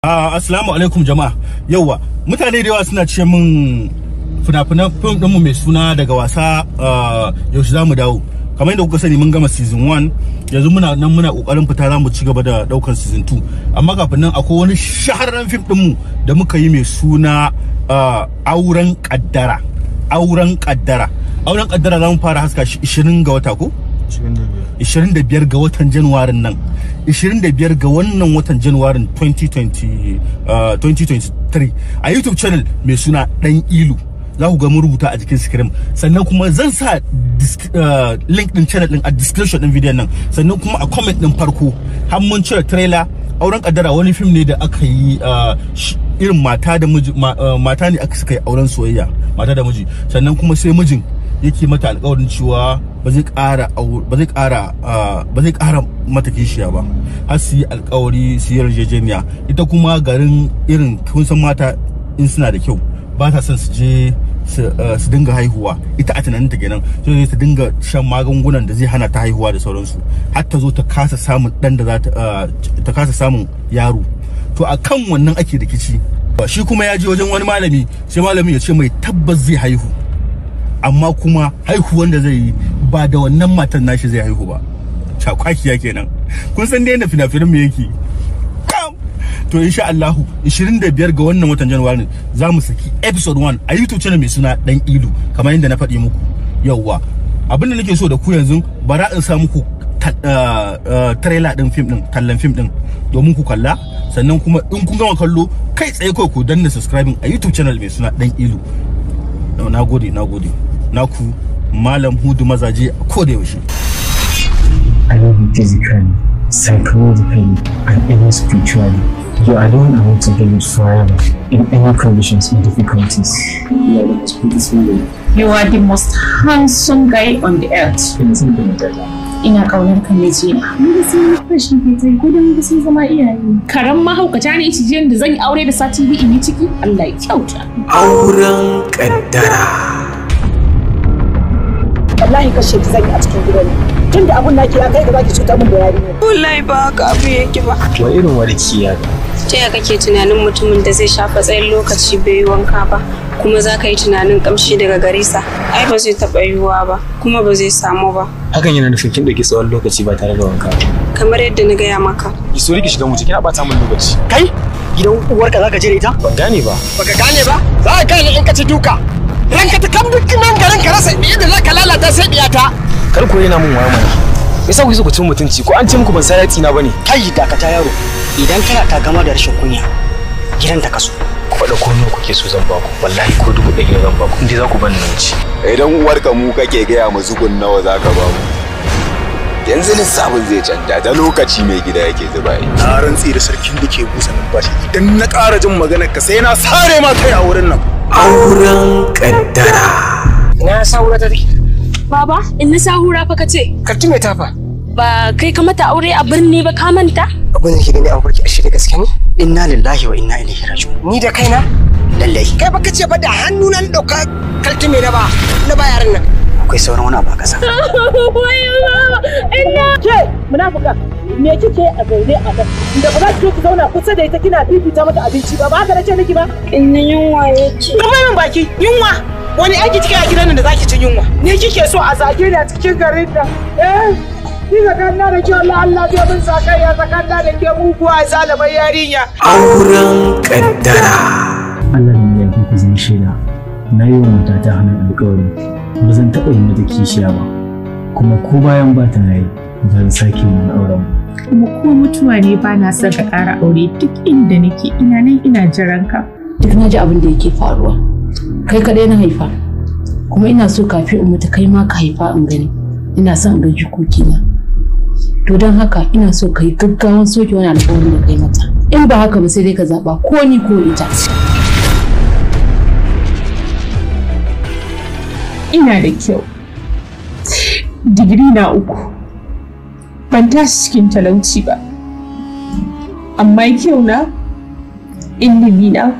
Ah, assalamu alaikum jama'a. Yauwa, mutane da yawa suna ce min fina-finan film ɗinmu mai suna daga wasa ah, yaushe za mu dawo. Kamar yadda kuka sani mun gama season 1, yanzu muna nan muna kokarin fita za mu ci gaba da ɗaukar season 2. Amma kafin nan akwai wani shahararren film ɗinmu da muka yi mai suna ah, auren ƙaddara. Auren ƙaddara. Auren ƙaddara za mu fara haska shi 20 ga wata ko? 25 ga watan januwarin nan 25 ga wannan watan januwarin 2023 uh, a youtube channel mai suna dan ilu za ku ga mun rubuta a jikin screen sannan kuma zan sa uh, link din channel din a description din video nan sannan kuma a comment din farko har mun cire trailer auren kaddara wani film ne da aka yi uh, irin mata da miji mata ne aka suka yi auren soyayya mata da miji sannan kuma sai mijin yake mata alƙawarin cewa ba zai ƙara ba zai ƙara ba zai ƙara mata kishiya ba har su yi alƙawari su yi yarjejeniya ita kuma garin irin kun san mata in suna da kyau ba ta son su je su dinga haihuwa ita a tunanin ta kenan so su ta dinga shan magungunan da zai hana ta haihuwa da sauransu har ta zo ta kasa samun dan da za ta kasa samun yaro to a kan wannan ake rikici shi kuma ya je wajen wani malami sai malami ya ce mai tabbas zai haihu amma kuma haihuwan da zai yi ba da wannan matan nashi zai haihu ba cakwakiya kenan kun san dai da fina-finan mu yake to insha Allah 25 ga wannan watan Janairu za mu saki episode 1 a YouTube channel mai suna Dan Ilu kamar yadda na faɗi muku yauwa abin da nake so da ku yanzu bara in sa muku eh, eh, trailer din film din tallan film din domin ku kalla sannan kuma in kun gama kallo kai tsaye kawai ku danna subscribing a YouTube channel mai suna Dan Ilu na gode na gode naku malam hudu mazaje a koda yaushe I love you physically, psychologically, and even spiritually. You are the one I want to be with forever, in any conditions or difficulties. You are the most beautiful woman. You are the most handsome guy on the earth. Ina ƙaunar ka mijina. Mun ga sun fashin fitai ko da mun ga sun zama iyaye. Karan mahaukata ne jiyan da zan yi aure da sati biyu in yi ciki? Allah ya kyauta. Auren kaddara. wallahi kashe ki zan yi a cikin gidan nan tun da abun naki ya kai gaba ki cuta min da ne. wallahi ba haka abu yake ba wa irin warki ya ta ya kake tunanin mutumin da zai shafa tsayin lokaci bai yi wanka ba kuma za ka yi tunanin kamshi daga gare sa ai ba zai taɓa yiwuwa ba kuma ba zai samu ba hakan yana nufin kin dauki tsawon lokaci ba tare da wanka kamar yadda na gaya maka ki so riki shiga mu kina bata min lokaci kai gidan uwarka za ka je da ita ban gane ba baka gane ba za ka gane in ka ci duka ranka ta kam duk nan garin ka rasa biye da zaka lalata sai biyata kar ku rena mun wayo mana yasa ku ku cin mutunci ko an ce muku ban sarati na bane kai dakata yaro idan kana ta gama da rashin kunya gidan ta kaso ku faɗa ko nawa kuke so zan baku wallahi ko dubu ɗari zan baku inda za ku ban nan ci idan ka mu kake gaya mu zugun nawa za ka ba mu yanzu sabon zai canja da lokaci mai gida yake zuba yi na rantsi da sarkin da ke busa numfashi idan na ƙara jin maganar ka sai na sare ma kai a wurin nan auren kaddara ina sahura ta take baba ina sahura fa kace karti mai tafa ba kai ka mata aure a birni ba ka manta abin da gani an farki ashe da gaske ne inna lillahi wa inna ilaihi raji'un ni da kaina lallai kai ka ce ba da hannu nan dauka kaltume na ba na ba yaran nan akwai sauran wani abu a kasa inna ke munafuka me kike a zaune a nan da ba za ki ki zauna kusa da ita kina fifita mata abinci ba ba ka nace miki ba in yunwa yake kuma min baki yunwa wani aiki kike a gidan da zaki ci yunwa ne kike so a zage ni a cikin garin da eh kan tsakanna da ke Allah Allah zai min sakayya tsakanna da ke muguwa zalabai yarinya auren kaddara Allah ne ya fi zan shaida na yi wa matata hannun alƙawari ba zan taɓa yi mata kishiya ba kuma ko bayan ba ta na yi ban sake wani auren ba kuma ko mutuwa ne ba na son ka ƙara aure duk inda nake ina nan ina jiran ka duk na ji abin da yake faruwa kai kaɗai na haifa kuma ina so kafin in mutu kai ma ka haifa in gani ina son in ga na. to don haka ina so ka yi gaggawan soke wani alƙawari da kai mata in ba haka ba sai dai ka zaɓa ko ni ko ita ina da kyau digiri na uku ban tashi cikin talauci ba amma kyau na ilimi na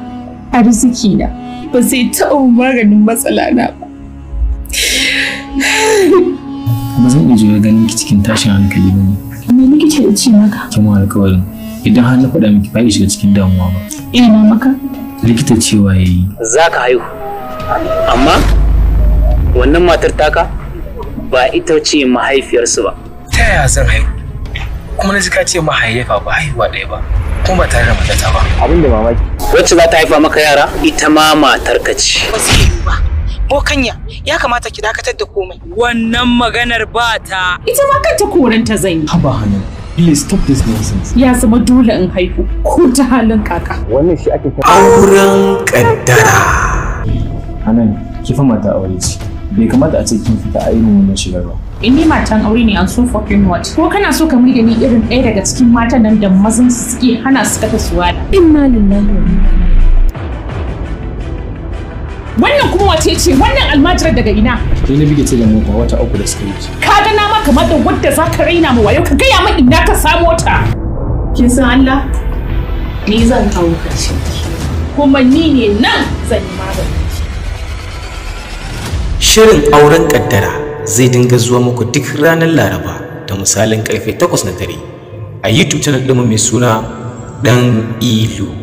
arziki na ba sai taɓa maganin matsala na ba ba zan iya juya ganin ki cikin tashin hankali ba ne me nake da ce maka kin mu alƙawarin idan har na faɗa miki ba shiga cikin damuwa ba eh na maka likita cewa ya yi. za ka haihu amma wannan matar taka ba ita ce mahaifiyarsu ba ta yaya zan haihu kuma na ji ka ce mahaifa ba haihuwa ɗaya ba kuma ba tare da matata ba abin da mamaki wacce za ta haifa maka yara ita ma matar ka ce ba su yi ba ko kanya ya kamata ki dakatar da komai wannan maganar ba ta ita ma kanta koranta zan yi haba hannun Please stop this nonsense. Ya zama dole in haihu ko ta halin kaka. Wannan shi ake kira auren kaddara. Anan kifa mata aure ce. bai kamata a ce kin fita a irin wannan shigar ba. In ni matan aure ne an so fucking what? Ko kana so ka mai da ni irin ɗaya daga cikin matan nan da mazan su suke hana su kata suwa da. Inna lillahi wa inna Wannan kuma wace ce wannan almajirar daga ina? Kai na bige ce da mota wata uku da suka yi. Ka ga na maka kamar da wadda za ka raina ma wayo ka gaya min ina ka samo ta. Kin san Allah? Ni zan kawo ka ki. Kuma ni ne nan zan yi magani. Shirin auren kaddara zai dinga zuwa muku duk ranar Laraba da misalin karfe 8 na dare a YouTube channel ɗinmu mai suna Dan Ilu.